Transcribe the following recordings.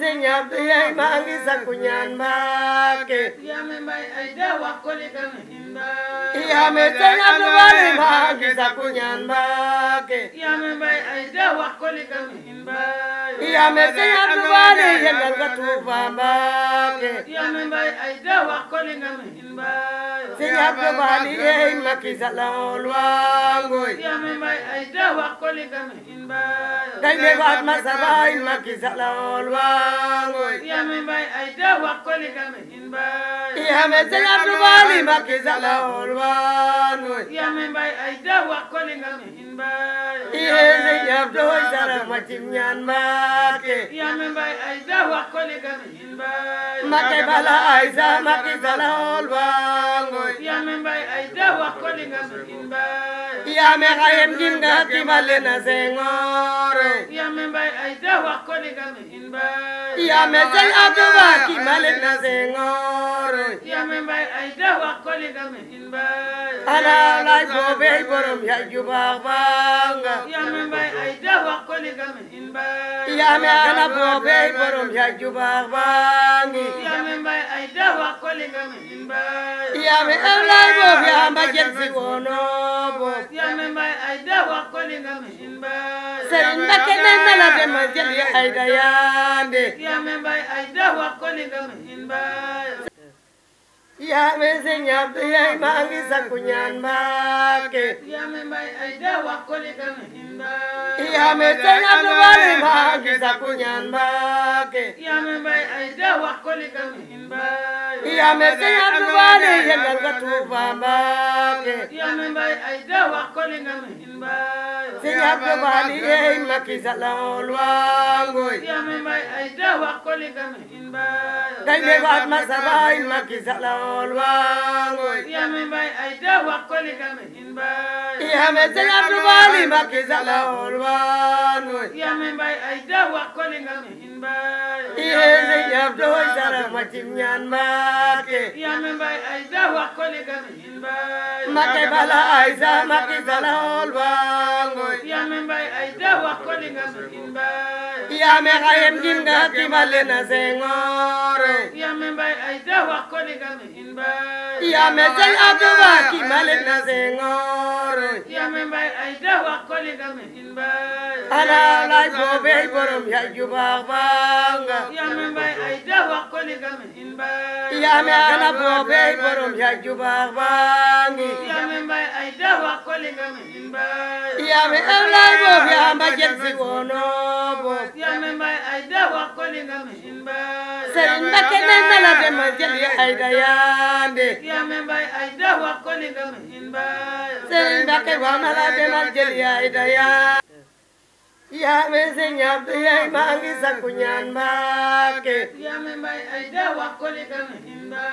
sëñ Abdou yaay maa ngi sakku ñaan Mbàkke yaame mbay ay da wax ko li kan yaame sëñ Abdou Bari maa ngi sakku ñaan Mbàkke yaame mbay ay da wax ko li kan yaame sëñ Abdou Bari yëngal nga Tuuba Mbàkke yaame mbay ay da wax ko li kan sëñ Abdou Bari yeey makki salaol wangoy yaame mbay ay da wax ko li kan gaynde Fatma Sabaay makki salaol wangoy boy yame bay ay da wax ko li game in bay yame sëñ Abdou Bali Mbacké sala game in bay yame sëñ Abdou sara ma ci game in bay Mbacké bala ay sa Mbacké sala na sengore yame bay ay da wax ko game in bay yaame sëñ Abdou Ba kii Malick na Senghor yaame mbay ay da wax koli nga mesin mbay ala lay boobey borom ya jubaax banga yaame mbay ay da wax koli nga mesin mbay yaame ala boobey borom ya jubaax bangi yaame mbay ay da wax koli nga mesin mbay yaame ew lay boob ya amba jet si wono boob yaame mbay ay da wax koli nga mesin mbay sëriñ Mbakke ne na la dem ma jël ya ay da yaande Dramé Mbaye ay da ko li gëm in Mbaye yaa me sëñ Abdu yaay maa ngi sakku ñaan Mbàkke yaa me mbay ay da wax ko li kan hinda yaa me sëñ Abdu wali maa ngi sakku ñaan Mbàkke yaa me mbay ay da wax ko li kan hinda yaa me sëñ Abdu wali yendal ka tuuba Mbàkke yaa me mbay ay da wax ko li kan hinda sëñ Abdu wali yeey makki salawol wangoy yaa me mbay ay da wax ko li kan hinda gaynde Fatma sabaay makki salawol mool waangoy yame mbay ay te wax ko li kame in bay yame sëñ Abdou ay te wax ko li kame in bay iye sëñ bay ay sa wax ko li kame in bay yaame xayem jinga kimale na Senghor yaame mbay ay da wax ko ligame in bay yaame sey Abdou kimale na mbay ay da wax ko ligame in bay ay da wax ko ligame in bay yaame ala bobe borom ya jubaax bangi yaame mbay ay da wax ko ligame in bay yame Ablaay ma jël si wono ba Sëriñ Mbakke ne demal jël yi ay da yaande ba Sëriñ wax na demal jël yi ay yaa me sëñ Abdu yaay maa ngi sakku ñaan Mbàkke yaa me mbay ay da wax ko li kan himba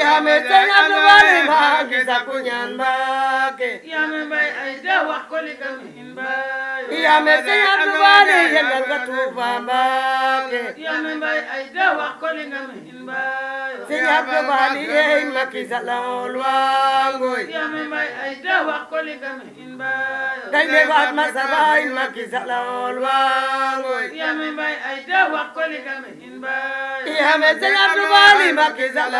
yaa me sëñ Abdu Bari maa ngi sakku ñaan Mbàkke yaa me mbay ay da wax ko li kan himba yaa me sëñ Abdu Bari yendal ka tuuba Mbàkke yaa me mbay ay da wax ko li kan himba Sëñ Abdu Baali yeey Macky Sall waangoy yami may ay da wax ko li gam hin bayo day be baat ma sabay Macky Sall waangoy yami may ay da wax ko li gam hin bayo yami Sëñ Abdu Baali Macky Sall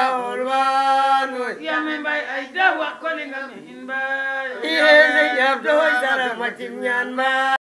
waangoy yami may ay da wax ko li gam hin bayo yami eh, Sëñ Abdu Baali Macky Sall waangoy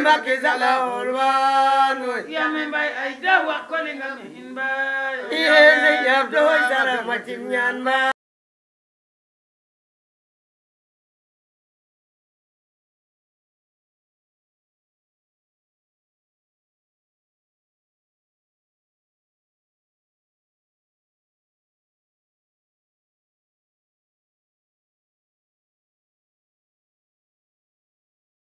mbay Mbàkke sala ol wangoy yame mbay ay da wax ko li nga miin mbay yene yab do sara ma tim ñaan mbay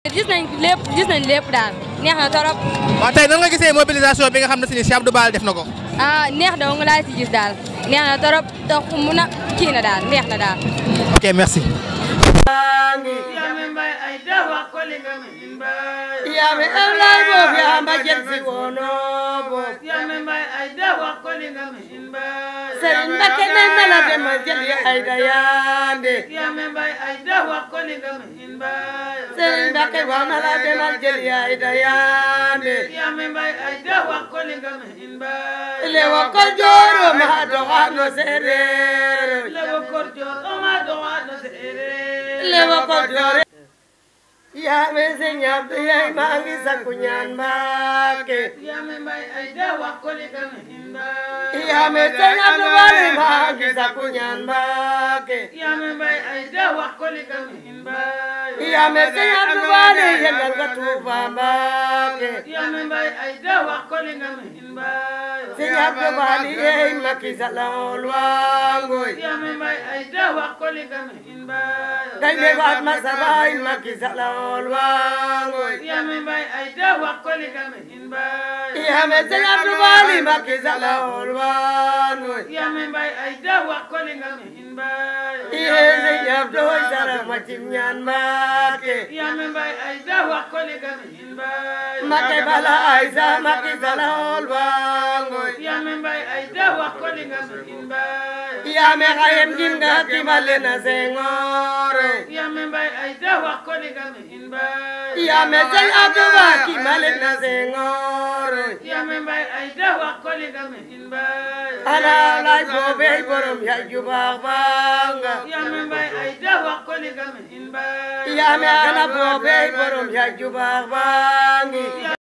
gis na lépp gis nañ lépp daal neex na torop. waaw tey nan nga gisee mobilisation bi nga xam na si ni si Abdou Bal def na ko. ah neex na nga laa torop tax a kii na daal neex na daal. ok merci. Serigne Mbacké ne na la demal jëli Aïda Yandé yame mbay Aïda wax ko li nga mën mbay Serigne Mbacké wax na la demal jëli Aïda Yandé yame mbay Aïda wax ko li nga mën mbay le wa ko joro ma do wa no sere le wa ko joro ma do wa no sere le wa ko joro yaa me sëñ Abdu Yaay maa ngi sakku ñaan Mbàkke. yaa me mbay ay da wax ko li kan Mbàkke. yaa me sëñ Abdu Bari maa ngi sakku ñaan Mbàkke. yaa me mbay ay da wax ko li kan Mbàkke. yaa me sëñ Abdu Bari yendal ka Tuuba Mbàkke. yaa me mbay ay da wax ko li kan Mbàkke. sëñ Abdu Bari yeey makki salaol wangoy. yaa me mbay ay da wax ko li kan Mbàkke. dañ ne baat ma sabaay makki salaol mool waangoy yame mbay ay da wakkoli kame hin mbay yame sey abdu bali makki sala mool waangoy yame mbay ay da wakkoli kame hin mbay iye sey abdu hoy sara macim ñaan makke yame mbay ay da wakkoli kame hin mbay makke bala ay sa makki sala mool waangoy yame mbay ay da wakkoli kame hin mbay yaame xayem gin ga kimale na sengoor yaame mbay ay da wax ko digam in bay yaame sey aduba kimale na ay da wax ko digam in bay ala lay bobe borom ya jubaax banga yaame mbay ay da borom ya jubaax bangi